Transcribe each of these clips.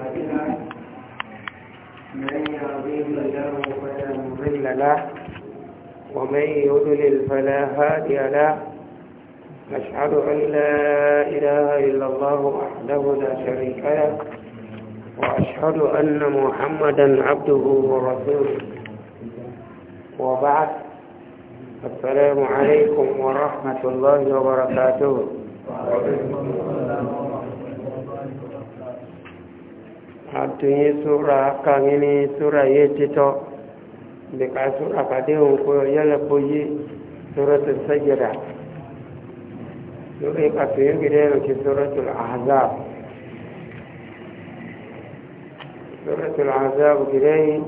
من له فلا مضل له ومن يضلل فلا هادي له أشهد أن لا إله إلا الله وحده لا شريك له وأشهد أن محمدا عبده ورسوله وبعد السلام عليكم ورحمة الله وبركاته وعليكم atunye sura kangini sura ye tito bika sura kade unko yala poyi sura sajda sura ka tuye gire ki sura tul ahzab sura tul ahzab gire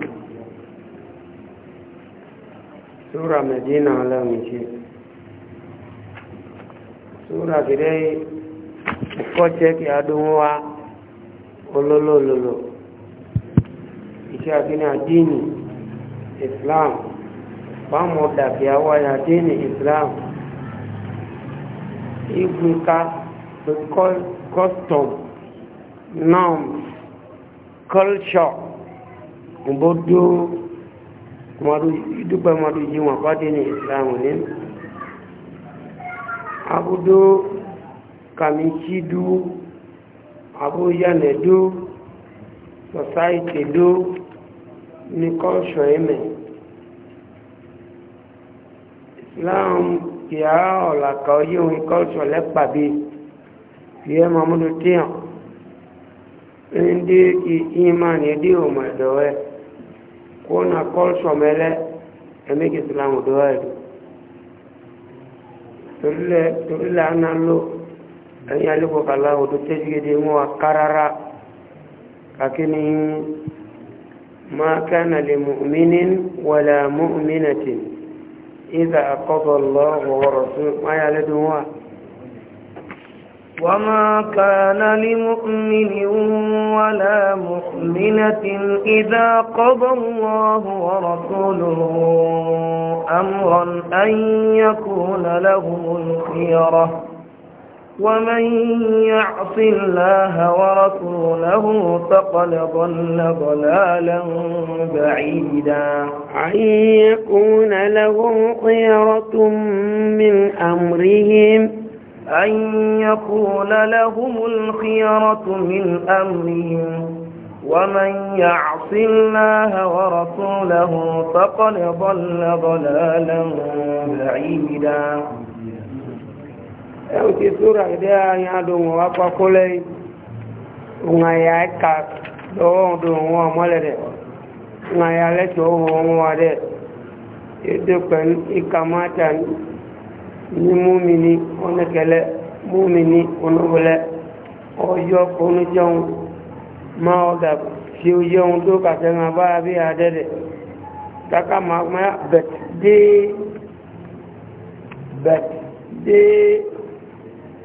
sura medina ala michi sura gire ko che ki adunwa olólòlòlò iṣẹ́ àkíní àdínì islam báwọn dàbí àwọn àdínì islam ìgbìnká custom norms culture ìbòdó ìdúpẹ́ mọ́dú yí wọn pàdé ní islam ní abúdó kàmí sí dúró abuja nẹ̀dó sọsáìtì dó ní kọ́ṣọ̀ ẹ̀mẹ̀ islam kìá ọ̀làkà oyé òun kọ́ṣọ̀ lẹ́pàdé fi ẹ́ mọ́múdú tíyàn ndị ki iman ya dio madoe kuna kọ́ṣọ̀ mẹ́lẹ́ ẹ̀mí kìsìlámù dọ́ẹ̀dù torílẹ̀ àná lò ẹ̀yìn alẹ́kọ̀ọ́ kàlá odò tẹ́júgede mọ́ wa kárárá kakíní máa kánà lè mọ́mínín wàlà mọ́mínàtì ìdá àkọ́bọ̀ lọ wọ̀wọ̀rọ̀ fún máyà lẹ́dùn wa وما كان لمؤمن ولا مؤمنة إذا قضى الله ورسوله أمرا أن يكون لهم الخيرة ومن يعص الله ورسوله فقد ضل ضلالا بعيدا أن يكون لهم خيرة من أمرهم أن يكون لهم الخيرة من أمرهم ومن يعص الله ورسوله فقد ضل ضلالا بعيدا ẹ̀rù ti sóra ìdẹ́ ayé adòhùn apapọ̀ lẹ́yìn àyà ẹ̀ka lọ́wọ́ òdòhùn wọn mọ́lẹ̀dẹ̀ òun àyà lẹ́tọ̀ òun wà dẹ̀ ètò pẹ̀lú ní múmini ọ̀nẹ́kẹ̀lẹ́ múmini onúbọ̀lẹ́ ọjọ́ onújẹun ọ̀dà tí ó jẹun tó kàtẹ́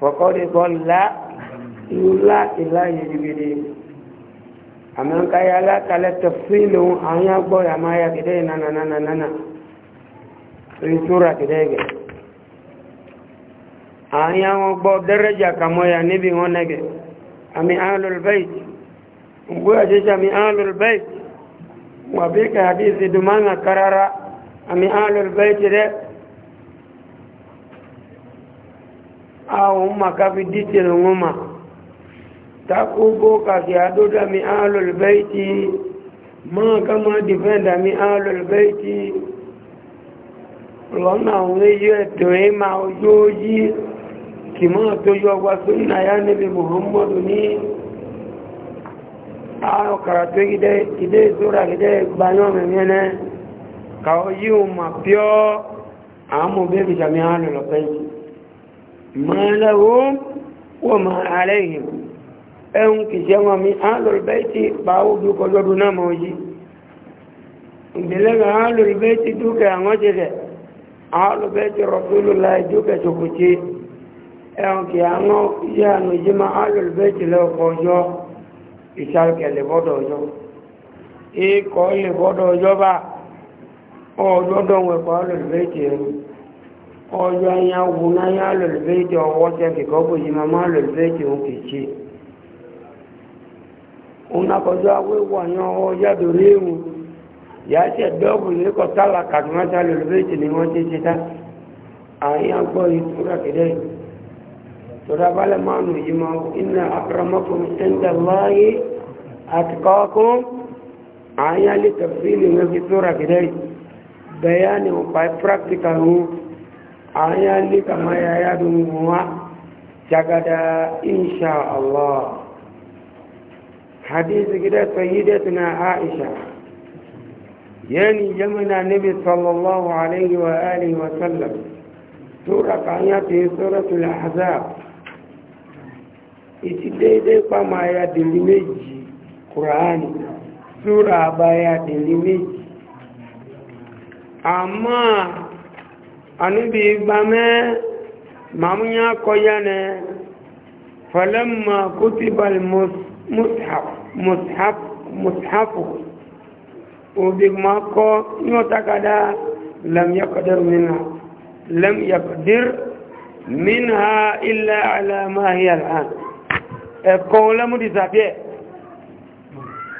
fọ̀kọ́rí la ìlà ìlà ìrìbìrì àmọ́nkáyà alákalẹ̀ tẹ̀fíìlù àwọn agbọ́yà máa yà kìdẹ́ ìnanananana rìtúrà kìdẹ́ gẹ̀ àwọn àwọn gbọ́ dẹ́rẹ́jà kàmọ́yà níbi wọn nẹ́gẹ̀ àmì alùlbẹ́ẹ̀tì gbọ́ àṣíṣẹ́ àmì alùlbẹ́ẹ̀tì wà bí kàdí ìsìdùmánà karara àmì alùlbẹ́ẹ̀tì rẹ̀ ahun maka fi dítìrì wọn ma takúgbó kàkì àdúdà mi alùlùbẹ́ẹ̀tì máa ká máa dìfẹ́ndà mi alùlùbẹ́ẹ̀tì lọ́nà àwọn eyé ẹ̀tọ́ ẹ̀ máa ojú ojí kì máa tójú ọgbà súnà yá níbi muhammadu ní ààkàrà tó gidẹ́ ìtura gidẹ́ gbayọ́ mẹ́mẹ́nẹ́ kàwọ́ yíò mà píọ́ àmú bẹ́ẹ̀ bìsàmì alùlùbẹ́ẹ̀tì ما لهم وما عليهم ẹun kìíṣẹ́ wọn mi alòrìbẹ́ẹ̀tì pàáwò dúkọ lọ́dún náà mọ̀ yí ìgbìlẹ́gbẹ̀ alòrìbẹ́ẹ̀tì dúkẹ̀ àwọn jẹ́rẹ̀ alòrìbẹ́ẹ̀tì rọ̀túlù láì dúkẹ̀ ṣokùnṣe ẹun kì àwọn iṣẹ́ ànújímọ̀ alòrìbẹ́ẹ̀tì lẹ́ọ̀kọ̀ ọjọ́ ọjọ́ ya wù náà yá lòlùbẹ́ẹ̀tì ọwọ́ tẹ́ kìkọ́ bò yí mamá lòlùbẹ́ẹ̀tì òun kì í ṣe òun akọjọ́ awéwọ̀ yan ọwọ́ yàdò léwu yàá ṣe dọ́ọ̀bù lẹ́kọ̀ọ́ tálà kàdùmọ́tà lòlùbẹ́ẹ̀tì ni wọ́n ti ṣe tá àyà gbọ́ ìtura kìdẹ́ tọ́ra balẹ̀ máa nù yí ma iná akọrọmọkùn ẹ̀ńdà láàyè àtikọ́kùn àyà lè tẹ̀fíìlì wọn fi tura kìdẹ́ bẹ̀yà ni wọ́n pa practical wọn aya ni kama ya yadumuwa jagada insha Allah hadisi gida sayyidatuna Aisha yani jamina nabi sallallahu alaihi wa alihi wa sallam sura kanya ti suratul ahzab iti daidai kama ya dili meji qur'ani baya dili amma anibi gbamẹ mamuya kọyanẹ falẹmà kutibal mushaf mushaf mushafu obi ma kọ yóò takada lam yakadir minha lam yakadir minha illa ala ma hiya al'an ẹkọ lẹmu disapẹ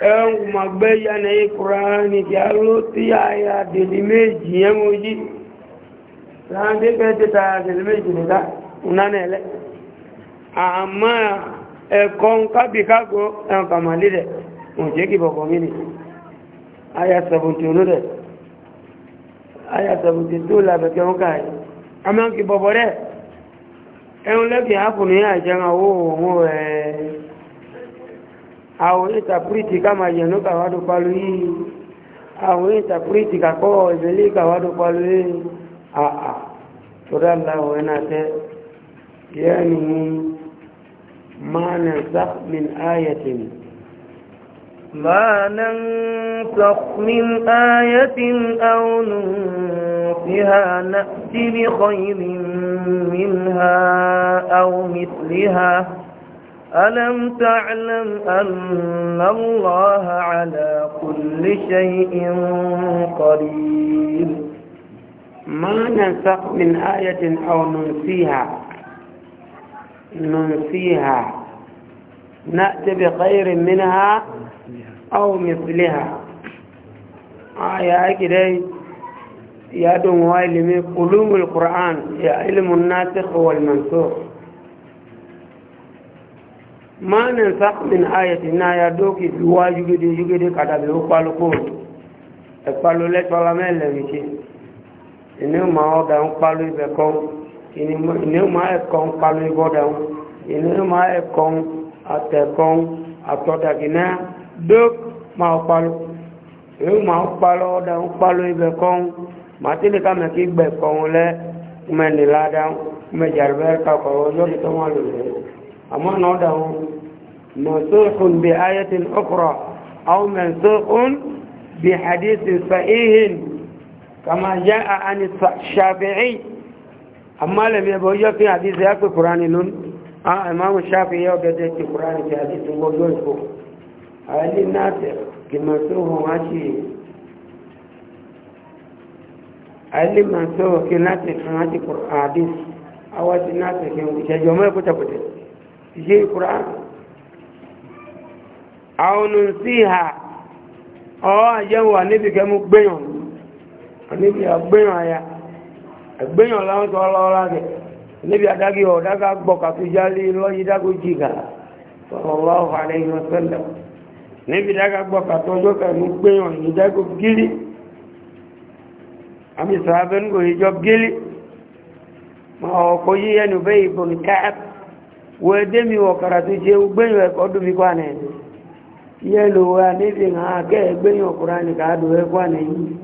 ẹn kùmà gbẹ yanẹ kuraani kí a ló ti yà ya méjì yẹn mo yí láàrín pẹ́ títà tẹ̀lẹ́mẹ́jì nígbà nánẹ̀lẹ́ àmá ẹ̀kọ́ ń kábìkágó ẹnkàmàlì rẹ̀ mọ̀ jẹ́ kí bọ̀kọ̀ mí ni aya 70 rẹ̀ aya 72 làbẹ̀kẹ́ ń káyẹ̀ àmá kí bọ̀bọ̀ rẹ̀ ẹun lẹ́kì ápùnú yà jẹ́ àwọ̀ òun ẹ̀ àwọn ìtàpùrìtì káàmà yẹ̀nú kàwádó palu yìí àwọn ìtàpùrìtì kàkọ́ ìbẹ̀lẹ́ kàwádó palu a'a torí aláwọ̀ ẹ̀nà يعني ما ننسخ من آية ما ننسخ من آية أو ننسها نأتي بخير منها أو مثلها ألم تعلم أن الله على كل شيء قدير ما ننسق من آية أو ننسيها ننسيها نأتي بخير منها أو مثلها آية كده يدوم وعلم علوم القرآن يا علم الناسخ والمنسوخ ما ننسق من آية نا يدوك بواجب دي جوجي دي كتاب الوقال قول اقبلوا لك فلا مال لك ìní ma ọ̀dà ń pálú ibẹ̀ kan ìní ma ẹ̀kọ́ ń pálú ibọ̀dà ń ìní ma ẹ̀kọ́ àtẹ̀kọ́ àtọ̀dàgìnà dók ma ọ pálú ìní ma ọ pálú ọ̀dà ń pálú ibẹ̀ kan màtílì kàmẹ́ kí gbẹ̀ kan lẹ́ mẹ́ni ládà mẹ́jàrú bẹ́ẹ̀ kakọ̀ ọjọ́ kìtọ́ wọn lò lẹ́ àmọ́ ọ̀nà ọ̀dà ń mọ̀sókùn bí ayẹ́tìn ọkùrọ̀ àwọn mọ̀sókùn bí hadith sahihin. كما جاء عن الشافعي أما لم يبقى في حديث يأكل قرآن لون آه إمام الشافعي يوجد في قرآن في حديث موجود هل الناس كما سوه ماشي هل ما سوه كناس ماشي حديث أو الناس كم جمع كتبت في القرآن أو ننسيها أو أجوا نبي كم بيون níbi àgbéyàn àyà àgbéyàn láwọn tó ọlọ́ọ̀lá rẹ̀ níbi àdági ọ̀dága gbọ́kà tó jálé lọ́yídágó jìgà sọ̀rọ̀láwọ̀ àlẹ́yìn ọ̀sẹ́lẹ̀ níbi dága gbọ́kà tó ọjọ́ kẹrin gbéyàn ìdágó gírí àmì sàábẹ́ ń gòye jọ gírí ma ọkọ̀ yí ẹnu bẹ́ ìbọn káàp wọ ẹdẹ́ mi wọ̀ kàrà tó jẹ́ gbéyàn ẹ̀kọ́ dùn mí kọ́ àná yẹ́lò wa níbi hàn kẹ́ gbéyàn ọkùnrin kàádùn ẹ̀kọ́ àná yìí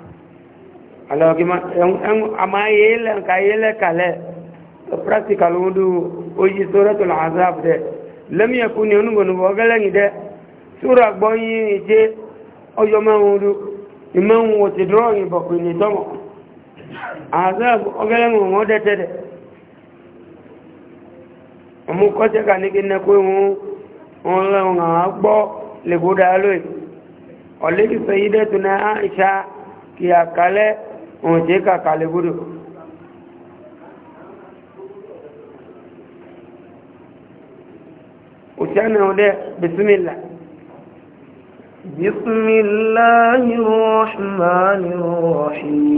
alors que ama ka yele kale practical wudu de ma wudu iman wo ti drawing bo ko ni tomo azab ogalangi mo de tede amu ko je ka ni kinna ko mu on la on agbo le òun tí kàkà lè gbúdò òṣìṣẹ́ náà dẹ́ bisimilá bisimiláhi rọ́ṣùmáni rọ́ṣìí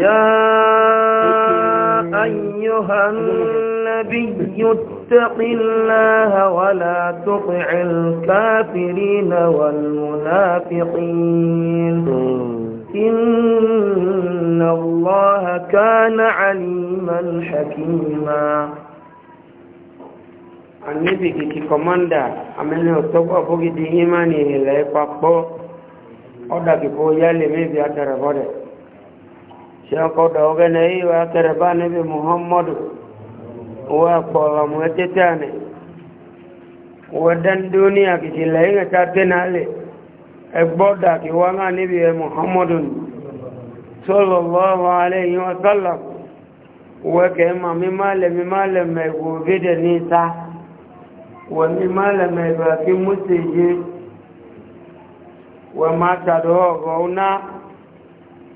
yáá أيها النبي اتق الله ولا تطع الكافرين والمنافقين إن الله كان عليما حكيما annabi kìkì kọmọ́ndà àmẹ́lẹ́ ọ̀tọ́gbọ́ fókìdí ìmánì ìrìnlẹ̀ papọ̀ ọ̀dà kìkọ́ yálẹ̀ mẹ́bí adàrẹ̀bọ́dẹ̀ ṣẹ́kọ́ dọ̀ọ́gẹ́ na yí wa kẹrẹ bá níbi muhammadu wa kọ̀ọ̀rọ̀ mọ́ títà ní wọ́dán dúníà kì sí lẹ́yìn ẹ̀ta tẹ́nàlẹ̀ ẹgbọ́dà kí wọ́n náà níbi ẹ muhammadu sọ́lọ̀lọ́wọ́ alẹ́ yíò sọ́lọ̀ wọ́kẹ́ ma mímálẹ̀ mímálẹ̀ mẹ́gbò gẹ́dẹ̀ ní ta wọ́n mímálẹ̀ mẹ́gbà kí mú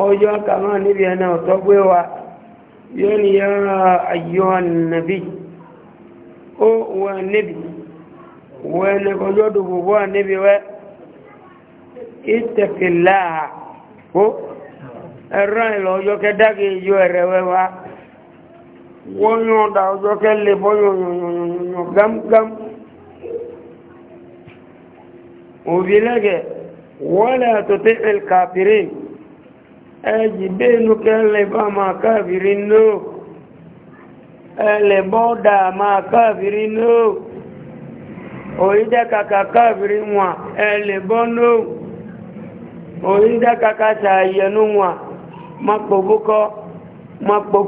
ọjọ́ kàmá níbi ẹ̀nà ọ̀tọ́ pé wa yóò ní yá ayọ́ ànàbí ó wà níbi wọ́n ní kọjọ́ dùgbò bọ́ níbi wẹ́ ìtẹ̀kìlá ó ẹ̀rọ ìlọ ọjọ́ kẹ dákì ìjọ ẹ̀rẹ̀ wẹ́ wa wọ́n yóò dá ọjọ́ kẹ lè bọ́ yòyòyòyò gámgám òbí lẹ́gẹ̀ẹ́ wọ́n lẹ́ àtọ́tẹ́ ẹ̀l kàpírìn ẹjìdé inú kẹ́lẹ̀ bá biri káàfìrí náà ẹlẹ̀ bọ́ọ̀dà máa káàfìrí náà òyíjẹ́ kàkà káàfìrí wọn ẹlẹ̀ bọ́ náà òyíjẹ́ kàkà ṣàyẹnú wọn ma pò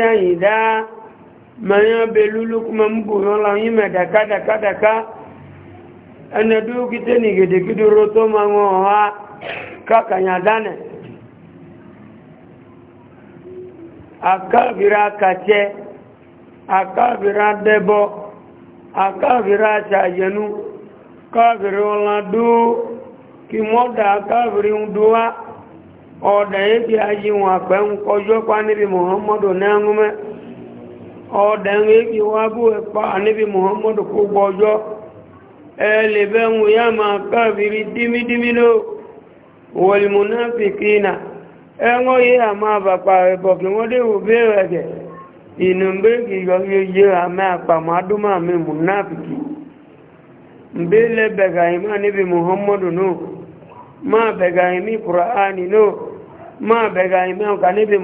ya daa, ma ẹni ẹdú kíté ní gèdè kídúró tó máa wọn ọ̀há kákànyà dánẹ̀ akáàbìrá kàtẹ́ akáàbìrá dẹ́bọ́ akáàbìrá sàyẹnú káàbìrí ọlá dú kí mọ́dà akáàbìrí ń dúwá ọ̀dà ebi ayé wọn àpẹ́ ń kọjọ́ pa níbi mọ̀hánmọ́dù náà ọ̀dà ebi wọn bú ẹ̀pá níbi mọ̀hánmọ́dù kó gbọ́jọ́ ẹlẹ́bẹ̀ ń ya máa káàbìrì dímídímínú wọlmùnáfikínà ẹwọ́n yí àmà àbàpà ẹ̀bọ̀ kí wọ́n déwò bẹ́ẹ̀rẹ̀ gẹ̀ inú mbẹ́gì yọyẹ àmà àpàmọ́ adúmọ̀ máa níbi muhammadu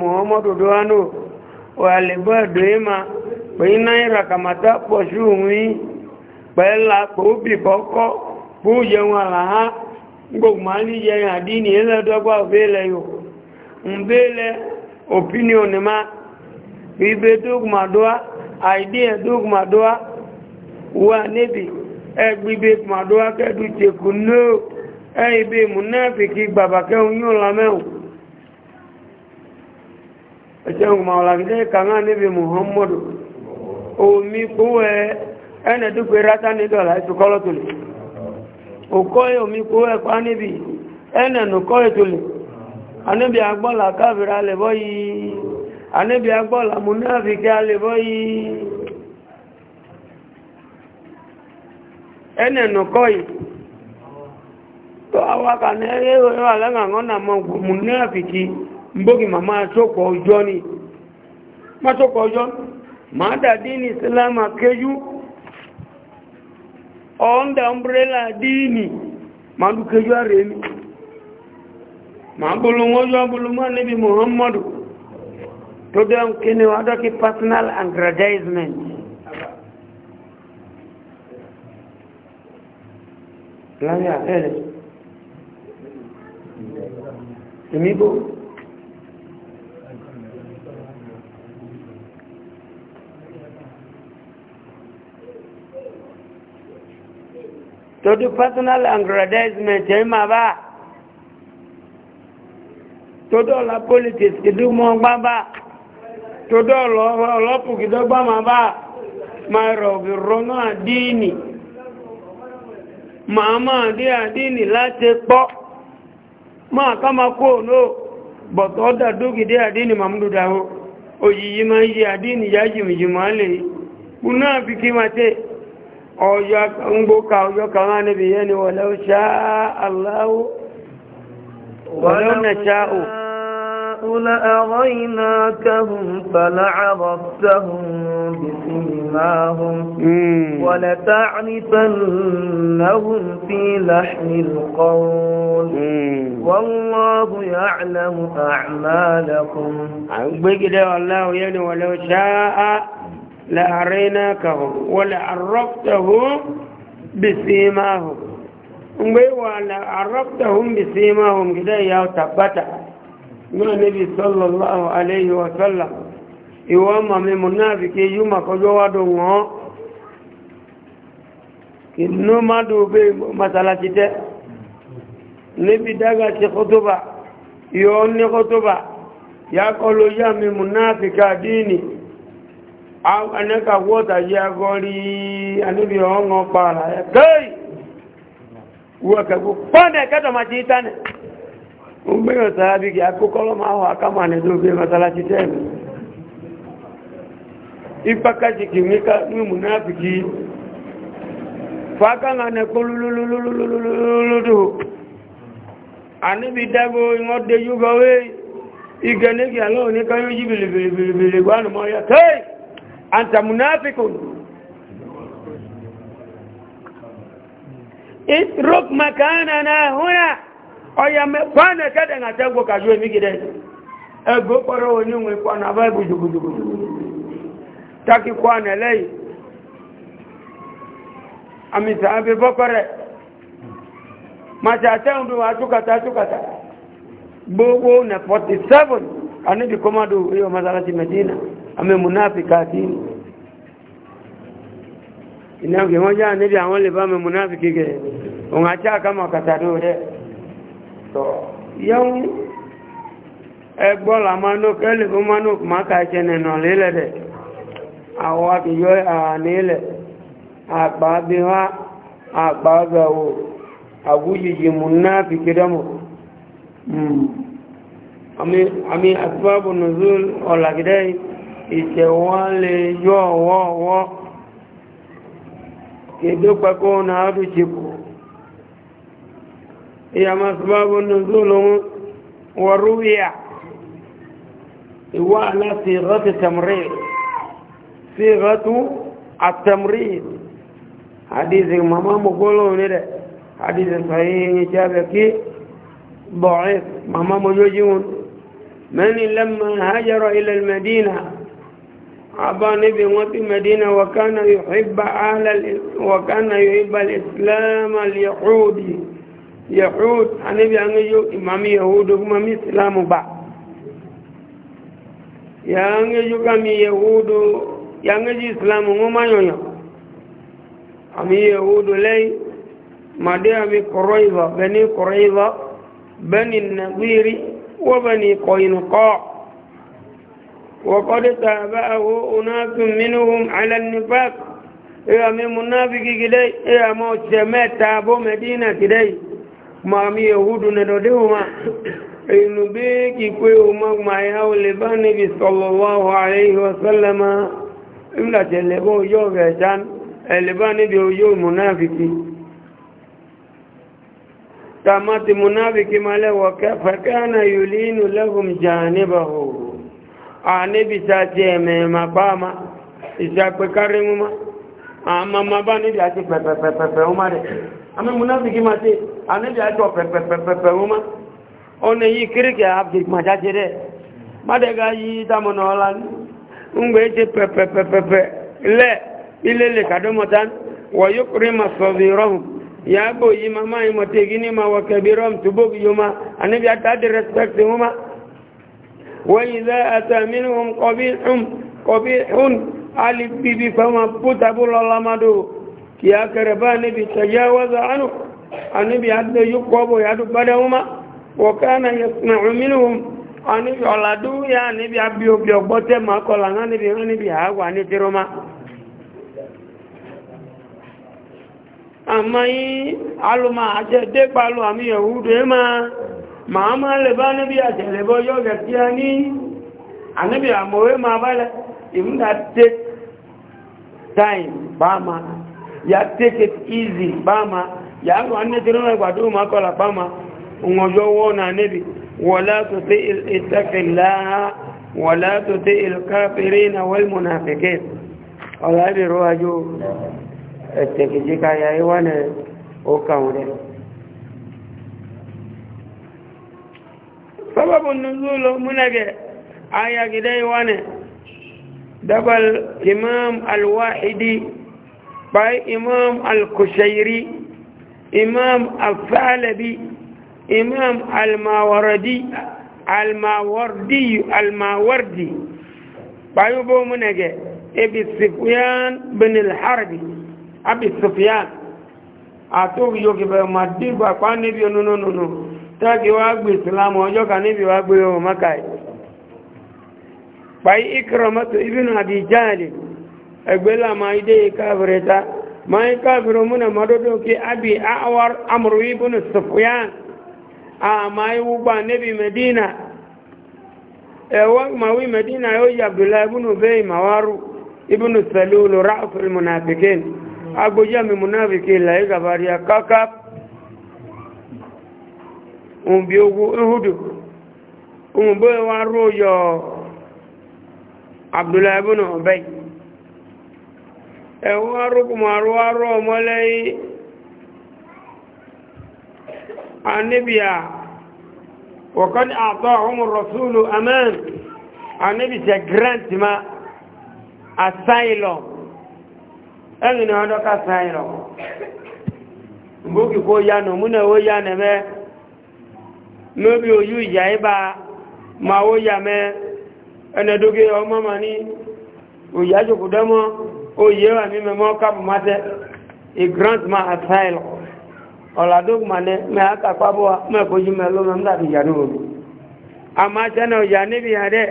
muhammadu dùwánù pẹ̀lá pòóbì kọ́kọ́ kó ha wọn ha gbogbo ní yẹ àdínì ẹlẹ́dọ́gbà òbẹ́lẹ̀ yóò ń bẹ́lẹ̀ opinion ma ibe dogmadoa idea dogmadoa wà níbi ẹgbíbe madoa kẹ́dù tẹ̀kù náà ẹ̀yìnbẹ̀ omi ẹnẹ dúpẹ́ rátá ní dọ̀là ìtùkọ́lọ́ tó lè òkọ́ omi kó ẹ̀kọ́ níbi ẹnẹ nùkọ́ ètò lè anábì agbọ́là káfìrí alẹ́bọ́ yìí anábì agbọ́là múnáfìkẹ́ alẹ́bọ́ yìí ẹnẹ nùkọ́ yìí tó awaka ní màmá ọjọ́ ni ọjọ́ dàdí ní kéjú under umbrella dini mandu kejo areni mabulungo jo bulungo nabi muhammadu to dem kene wada ki personal aggrandizement lanya ele emibo torí personal aggrandizement ẹ̀ máa bá torí ọ̀la politics ìdúmọ̀ gbábá torí ọlọ́pùkìdọ́gbà máa bá máa rọ̀ bí rọ́nà àdínì máa máa dí àdínì láti pọ́ máa ká máa kó ònà bọ̀tọ̀ ọ́dà dókìdí àdínì mamúdúdáwó òyìyí máa yí àdínì yájìmìjìmọ̀ á lè kú náà fi kí máa tẹ́ ọjọ́ ń gbóka ọjọ́ kan wá níbi yẹ́ ni wọ̀lẹ́ ṣá aláwọ̀ wọ̀lẹ́ ọ̀nà ṣá ò ọ̀lá àwọn iná kẹhùn pẹ̀lá àrọ̀tẹ́hùn bìsí ìmáhùn wọ̀lẹ̀ tààrítẹ̀lẹ́hùn sí láhìl kọ́ọ̀l wọ́nlọ́hù yàlẹ́hùn àmàlẹ́kùn لأريناكهم ولعرفتهم بسيماهم ngbewa la arabtahum bi simahum gida ya tabbata ngana nabi sallallahu alaihi wa sallam iwa ma me munafiki yuma ko jo wado ngo kinu madu be masala tite nabi daga ci khutuba yo ni khutuba ya ko lo ya me munafika dini anẹ́ka wọ́ta yẹ agọ́rí anúbí ọ̀hún pààrà ẹ̀ gẹ́ì wọ́n kẹ́kọ́ pọ́ndẹ̀ kẹ́tọ̀ máa ti tánẹ̀ ń gbẹ́yàn sáábí kí akókọ́lọ́ máa wà kámà ní munafiki fákànà nẹ́kọ́ lululululululululu anúbí dágbó ìwọ́n dé yúgọ́wé ìgẹ̀nẹ́gì alóòníkan yóò yí bìlìbìlìbìlì anta munafikun rok makana na huna ọya kwana kada na tagbo ka zuwa mi gidan ẹgbẹ́ kọrọ wọn ní wọn kwana bá ibu jùgbùjùgbù taki kwana lẹ́yìn amisa abe bọ́kọrẹ̀ mata tẹ́hùn dùn wá túkàtà túkàtà gbogbo na 47 anibi kọmọdù yóò masalasi medina ame munafika dini inavyo moja nibi awole bame munafiki ge ungacha kama katadu de to yong egbola mano kele ko mano maka chene no lele de awa ki yo anele agba bi wa agba ga wo agujiji munafiki damo mm ami ami asbabu ìtẹ̀wọ́n lè yọ ọwọ́ọwọ́ kèdó pẹ̀kọ́ náà rú ṣepò ìyàmà sọ́bàbọ̀ nùzúlùmú wọ̀rúwíà ìwọ́ aláti rọ́tì tẹ̀mrí sí rọ́tù àtẹ̀mrí àdìsí mamá mọ̀gọ́lò ní rẹ̀ àdìsí sàyẹ̀yẹ̀ jábẹ̀ kí bọ̀rẹ̀ mamá mọ̀yọ́jíwọn mẹ́ni lẹ́mọ̀ hajjọ́rọ̀ ilẹ̀ mẹ́dínà عبا نبي وفي مدينة وكان يحب أهل وكان يحب الإسلام اليهودي يهود النبي أن يجو إمام يهود وإمام إسلام با يا أن يجو كم يهود يا أن يجو إسلام وما ينيا أمي يهود لي ما دي أمي قريظة بني قريظة بني النظير وبني قينقاع وقد تابعه أناس منهم على النفاق يا من منافق كدي يا موت ما تابو مدينة كدي ما مي يهود ندودهما ينبيك كويهما ما يهول بانبي صلى الله عليه وسلم إلا تلقوا يوم عشان البانبي يوم منافقي تامات منافق ما له فكان يلين لهم جانبه anibi sati ẹmẹ ma pa ma ìsàpẹ kárí mu ma àmà ma bá níbi àti pẹpẹpẹpẹ wọn ma rẹ àmì múnáfìkì ma ṣe àníbi àti pẹpẹpẹpẹ wọn ma ọ̀nà yìí kíríkì àbí màjáde rẹ mádẹ́gà yìí dámọ̀nà ọ̀la ńgbé ṣe pẹpẹpẹpẹ lẹ ilé lè kàdọ́mọ̀tá wọ̀ yóò kúrẹ́ ma sọ̀bì rọ̀hùn yàgò yìí ma máa ń mọ̀tẹ́gì ní ma wọ̀ kẹ̀bí rọ̀hùn túbọ̀ yóò ma àníbi àti àti rẹ́spẹ̀tì wọn ma. وإذا أتى منهم قبيح قبيح ألف بي فما بتب للمدو كي أكربا نبي تجاوز عنه النبي عدد يقوب يد بدهما وكان يسمع منهم النبي على دو يا نبي أبيو بيو بتما كلا نبي نبي هوا نترما àmọ́ yí alùmọ̀ àjẹ́dẹ́gbàlù àmì ẹ̀wùdó ẹ máa màámá lè bá níbi àtẹ̀lẹ̀bọ́ yóò gẹ̀ tí a ní àníbì àmòwé ma bá lẹ ìmúdà take time bá ma ya take it easy bá ma ya rọ̀ anẹ́tẹ̀rẹ́ náà ìgbàdó ma kọ́lá bá ma ọjọ́ wọ́n náà níbi wọ́lá tó tẹ́ ìtẹ́kẹ̀lá wọ́lá tó tẹ́ ìlúkàfẹ́rẹ́ na sababu nuzulu munage aya gidai wane dabal imam al-wahidi bai imam al-kushairi imam al-thalabi imam al-mawardi al-mawardi al-mawardi bai bo munage abi sufyan bin al-harbi abi sufyan atu yogi ba madiba kwa ne bi no no no tọ́kì wá gbé ìsìlámù ọjọ́ kan níbi wá gbé ohun makai pàí ìkìrọmọ́tò ibùn àbíjáàlì ẹgbẹ́lá ma idé káfìrẹta ma ń múnà mọ́dọ́dọ́ kí abi awar amuru ibùn sufiyan a ma iwu gba níbi medina ẹ̀wọ́n ma medina yóò yí abdullahi ibùn bẹ́ẹ̀ mawaru ibùn salulu ra'afil munafikin agbójá mi munafikin láyé kakap bi ogwu ihudu umugbe wa ruo yo ibn ubay e wa ru kuma ru aro mo lei anabiya wa kan a'tahum ar-rasul aman grant ma asylum ẹni ni ọdọ ka asylum mgbe oge ko ya na omuna ya na eme lóbi ojú ìjà ibà ma ó yà mẹ́ ẹnẹdógé ọmọ ma ní òyà òyè wà mí mẹ́mọ́ kápù má tẹ́ a grant ma asile ọ̀làdógùnmà ní mẹ́ àkàpàbọ̀ mẹ́kójú mẹ́ ló mẹ́mú tàbí ìjà náà òbí a máa tẹ́nà òyà níbi àdẹ́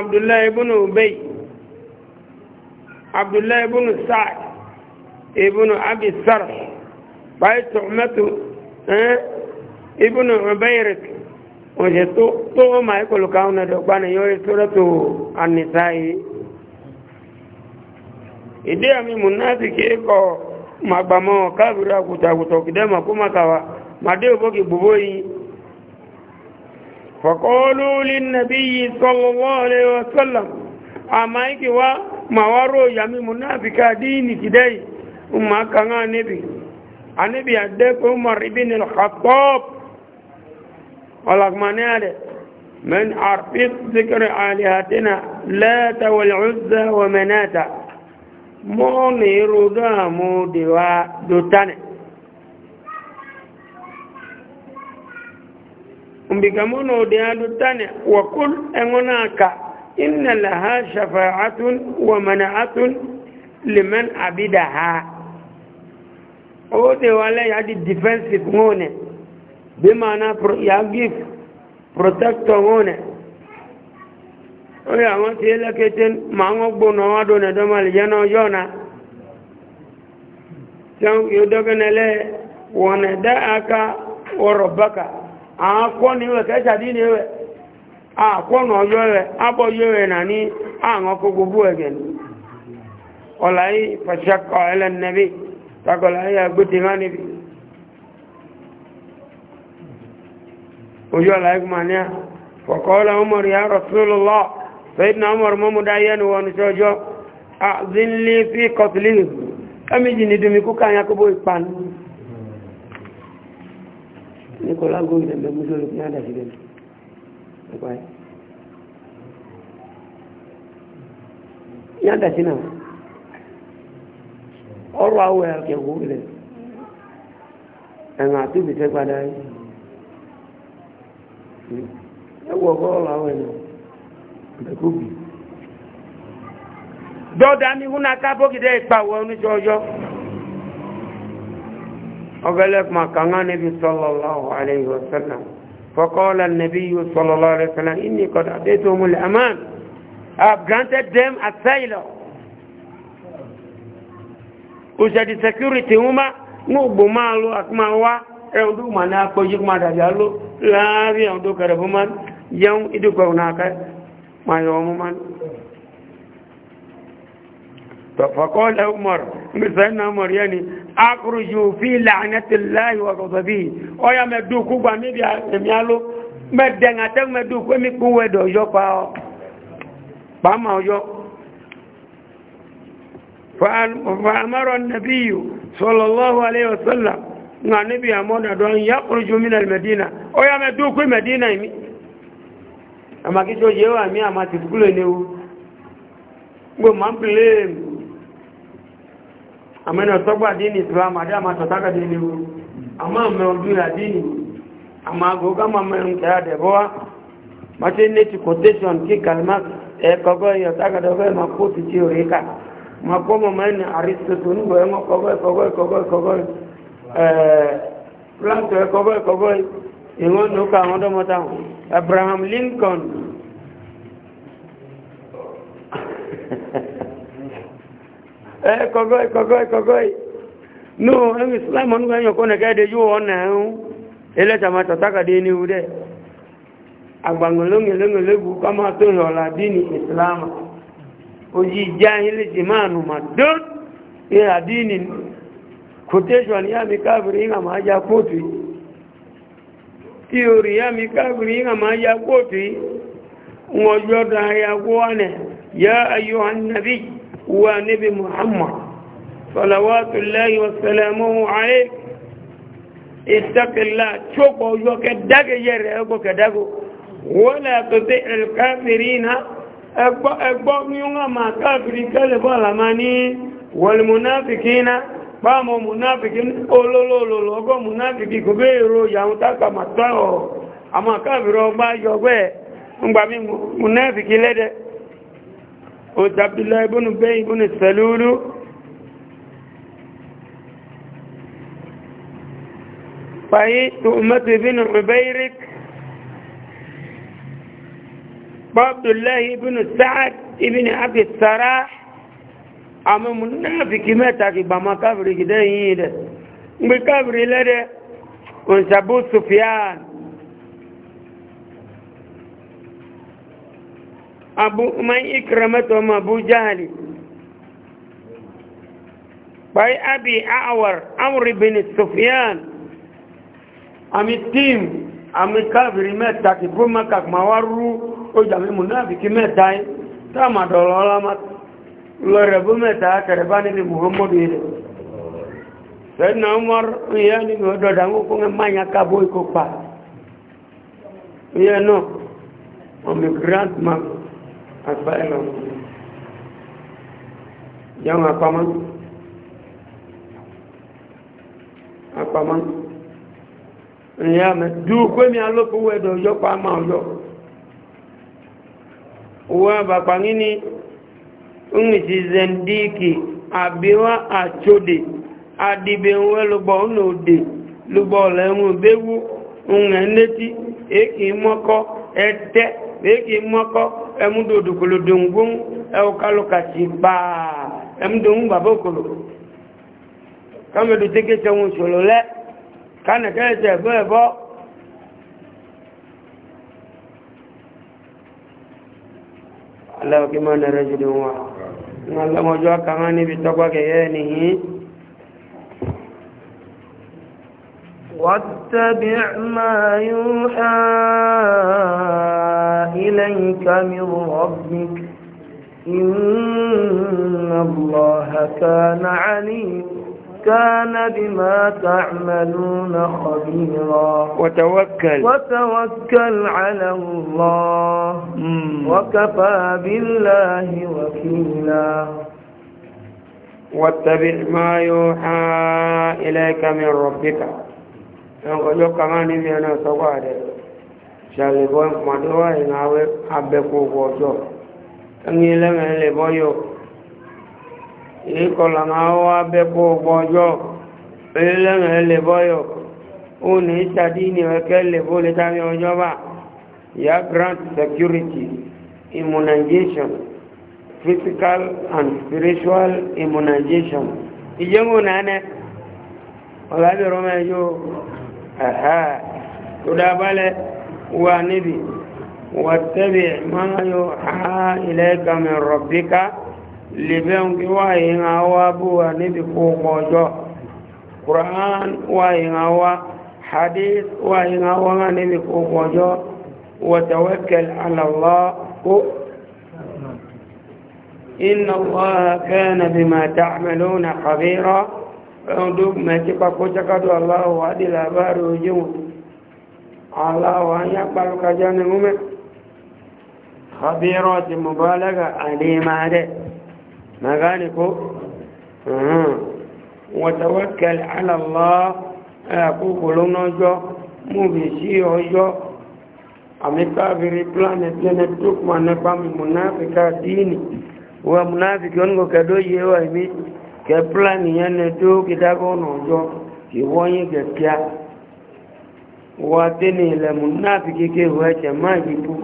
abdullahi ibùnú ubay abdullahi ibùnú saad ابن أبي السرح باي تهمته ابن عبيرك وجه تهمة يقول كون دقبان يوري سورة النساء ìdí àmì mùnásìkì ikọ̀ màgbàmọ́ káàbìrì àkùtàkùtà kìdẹ́mà kó makawa màdé òbókì gbogbo yìí ka lè nàbí yìí sọ́lọ́lọ́ àmà ikì wá màwárò yàmì mùnásìkà umma kan anabi anabi adde ko umar ibn al-khattab wala manade من أرفض ذكر آلهتنا لات والعزة ومناتا مونير دامو دوا دوتان مبكمونو دوا دوتان وكل أمناك إن لها شفاعة ومنعة لمن عبدها o de wala ya di defensive ngone be mana ya give protect ngone o ya mo ti la keten ma ngo no wa do ne do mal ya no yona so yo do gane le wona da aka o robaka a ko ni we ka ja di ni we a ko no yo we a bo yo we na ni a ngo ko gbu egen olai fashaka ala nabi takọ̀lá ayé agbéte rán níbi ojú ọ̀la ẹgbùn mania fọ̀kọ́ọ́lá ọmọ rí àrọ̀ sílùlọ́ fẹ́ẹ̀dínà ọmọ rí mọ́mú dáyé ẹnu wọn níṣẹ́ ọjọ́ àzínlé fi kọ̀tìlì ẹmìjì ní dùnmí kú káyà kó bó ìpanu nikola gómìnà mẹ́mú sórí fún yàdá ọrọ̀ awọ ẹ̀kẹ́ wò lẹ̀ ẹ̀nà àti ìbìtẹ́ padà yìí ẹwọ ọkọ ọrọ̀ awọ ẹ̀nà ẹ̀kọ́ bì. dọ́dà ni hún aká bókìdé ìpàwọ̀ oníṣọ́jọ́ ọbẹ̀lẹ́kùnmá kàńgá níbi sallallahu فقال النبي صلى الله عليه وسلم إني قد أعطيتهم الأمان I've granted them asylum òṣèdì security wọn bá wọn ò gbò máa lo àkúmà wá ẹ̀rùn tó mà ní apọ̀jú kúmà dàbí aló láàárín àwọn tó kẹrẹ̀ fún máa yẹun ìdúgbẹ̀ òun àkẹ́ máa yọ ọmọ máa فقال عمر مثلنا عمر يعني أخرجوا في لعنة الله وغضبه ويا مدوكو بامي بيالو مدنا تم مدوكو مي كو ودو جو باما جو فأمر النبي صلى الله عليه وسلم النبي أمر أن يخرج من المدينة أو يمدوك مدينة أما كيشو جيوا أمي أما تتكلوا نيو وما بلين أما نصبع دين إسلام أدى أما تتاك دين نيو أما مولدونا دين أما غوغا ما منكرا دبوا ما تنيتي كوتيشن كي كلمات ẹ̀kọ́gọ́ ìyọ̀tágàdọ́gọ́ ìmọ̀ kó ti tí orí kà ma como mene aristo tun go mo ko go ko go ko go ko go eh planto ko go ko go ingo no ka ngodo mo ta abraham lincoln eh ko go ko go ko go no en islam mon go ko ne ka de ju on na un ele ta ma ta ka de ni u de agbangolongi lengolegu kama tun lola dini islama oji jahiliti manu madud ila dini quotation ya mikabiri inga maja koti theory ya mikabiri inga maja koti ngojoda ya kuwane ya ayuha nabi wa nabi muhammad salawatullahi wasalamuhu alayk ittaqillah choko yoke dage yere ko kedago wala tuti alkafirina ẹgbọ́ ní wọ́n máa káàkiri kẹ́lẹ̀ bọ́ọ̀lá máa ní wọ̀lì múnáfìkì iná pàmọ́ múnáfìkì olólòlòlò ọgọ́ múnáfìkì kò èrò ìyàwó tákà màtàrọ̀ fàyí tó عبد الله بن سعد بن أبي السراح أما منافق ما تكبا ما كفر كده بكفر لده ونسبو سفيان أبو ما إكرمت وما أبو جهل باي أبي أعور عمرو بن سفيان أمي تيم أمي كافر ما تكبو ما كفر o jàmbe munafiki mẹta yi tá a ma dọlọ la ma lọ rẹbu mẹta kẹrẹba ni ni muhammadu yi dẹ sẹni na umar ya ni o dọdà ń kó nga manya ka bo iko pa ya nọ ọmọ grand ma afa ẹ lọ yan wa pama a pama n ya mẹ duukomi alopowó ẹ dọ yọ pa ama ọ yọ. uwa bapangini ngisi zendiki abiwa achode adibe nwe lugbo n'ode lugbo lenwu bewu nwe neti eki mọkọ ẹtẹ eki mọkọ ẹmúdòdòkòlòdòngbón ẹwọkálùkàtì pàà ẹmúdòun bàbá òkòlò kọmọdù tẹkẹsẹ wọn sọlọ lẹ kánẹkẹsẹ ẹbọ ẹbọ aláwọ̀ kí máa nẹ̀rẹ́ jùlọ wọn wọn lọ́mọjọ́ kàwọn níbi tọ́gbà kẹ̀yẹ́ nìyí واتبع ما يوحى إليك من ربك إن الله كان عليم كان بما تعملون خبيرا وتوكل وتوكل على الله وكفى بالله وكيلا واتبع ما يوحى إليك من ربك ẹ̀kọ́jọ́ kama níbi ẹ̀nà sọ́gbà rẹ̀ ṣàlẹ̀bọ́ ìpàdé wà ìnáwé abẹ́kọ̀ọ́kọ́ ọjọ́ ìkọlà máa wá bẹ́kọ́ ọgbọ́ ọjọ́ orílẹ̀-èdè ẹlẹ́bọ́yọ̀ ó ní ìṣàdínì ẹ̀kẹ́ lẹ́bó lè tàbí ọjọ́ bá ya grant security immunization physical and spiritual immunization ìjẹ́mù náà ọ̀làbẹ̀rọ mẹ́jọ ẹ̀hẹ́ tó dábálẹ̀ wà níbi wà tẹ́bẹ̀ máa yóò ha ilẹ̀ kàmẹ̀rọ̀ bíká libyan ki wayin hawa buwa nibi ko mojo qur'an wayin hawa hadith wayin hawa nibi ko mojo wa tawakkal ala allah ko inna allah kana bima ta'maluna khabira duk me ti pa ko chaka do allah wa di la baru ju ala wa ya palu kajane mume khabira ti mubalaga alima de na gane ko watawakkal ala allah akoko lọ́nọ́jọ́ mú bí sí ọjọ́ àmìkáàbìrì planet lẹ́nà tó kùmà nípa múnáfíkà díìnì wà múnáfíkà oníkò kẹdó yé wà mí kẹ plani yẹn ní tó kìdágọ́ ọ̀nàjọ́ ìwọ́nyí kẹkíá wà tẹ́ni ilẹ̀ múnáfíkà kéwàá ẹ̀ṣẹ̀ máa yìí kú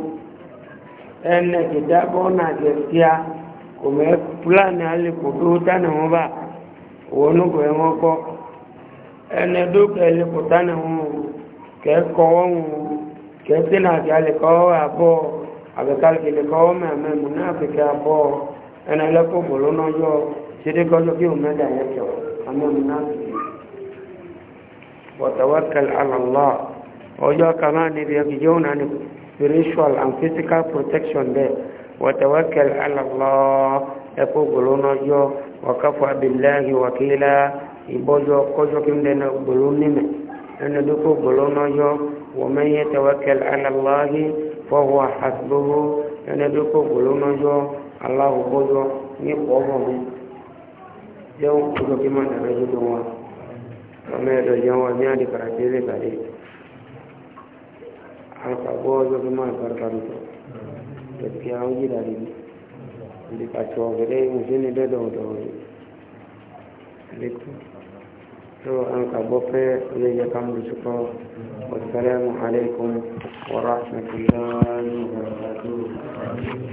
ẹnẹ kìdágọ́ ọ̀nà kẹkíá òmẹ fúlàní alẹ́kò tó tánà wọn bá wọnú kò ẹ̀wọ̀n kọ́ ẹnẹ dókè alẹ́kò tánà wọn kẹ́kọ̀ọ́ wọn kẹ́sìn àti alẹ́kọ̀ọ́ àbọ̀ àbẹ̀kálẹ̀ kẹ́lẹ́kọ̀ọ́ mẹ́mẹ́ mú náà fi kẹ́ àbọ̀ ẹnẹ alẹ́kọ̀ọ́ bòló náà yọ ṣẹ́dẹ́ kọjọ́ kí òmẹ dà yẹ kẹ́ àmọ́ mú náà fi wọ̀tàwọ́kẹ́l alàlá ọjọ́ kàmáà níbi ẹgbẹ̀jọ́ náà ní spiritual and physical protection there. وتوكل على الله يقولون جو وكفى بالله وكيلا يبوجو كوجو كم دنا قولون نمي أن دوكو قولون جو ومن يتوكل على الله فهو حسبه أن دوكو قولون جو الله بوجو نقومه جو كوجو كم دنا جدوا ومن يدو ومن يدو كراتيلي كريم أنت بوجو كم دنا كراتيلي gaskiya waje da rabi da ka cewa gare mutum ne da dawo da wuri to an ka bofe zai ya kamar su ko wasu alaikum wa rahmatullahi wa barakatuhu